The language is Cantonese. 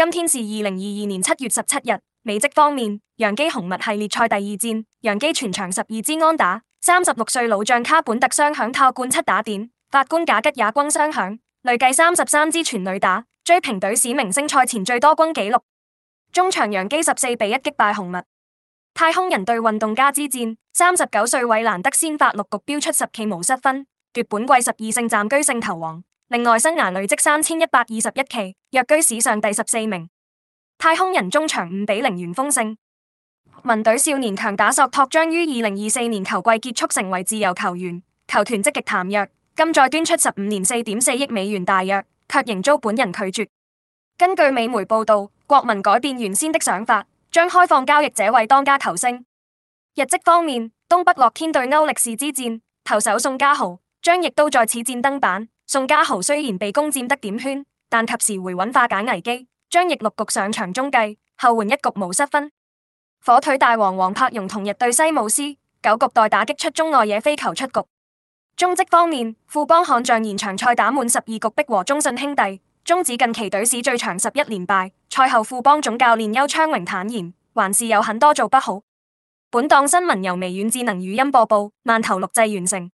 今天是二零二二年七月十七日。美職方面，洋基紅襪系列賽第二戰，洋基全場十二支安打，三十六歲老將卡本特雙響炮灌七打點，法官賈吉也轟雙響，累計三十三支全壘打，追平隊史明星賽前最多轟紀錄。終場洋基十四比一擊敗紅襪。太空人對運動家之戰，三十九歲韋蘭德先發六局飆出十期無失分，奪本季十二勝，暫居勝投王。另外，生涯累積三千一百二十一期，躍居史上第十四名。太空人終場五比零完封勝。民隊少年強打索托將於二零二四年球季結束成為自由球員，球團積極談約，今再捐出十五年四點四億美元大約，卻仍遭本人拒絕。根據美媒報道，國民改變原先的想法，將開放交易這位當家球星。日職方面，東北樂天對歐力士之戰，投手宋家豪、張奕都在此戰登板。宋家豪雖然被攻佔得點圈，但及時回穩化解危機。張奕六局上場中繼，後援一局無失分。火腿大王王柏融同日對西姆斯九局代打擊出中外野飛球出局。中職方面，富邦悍將延長賽打滿十二局逼和中信兄弟，終止近期隊史最長十一連敗。賽後富邦總教練邱昌榮，榮坦言，還是有很多做不好。本檔新聞由微軟智能語音播報，慢頭錄製完成。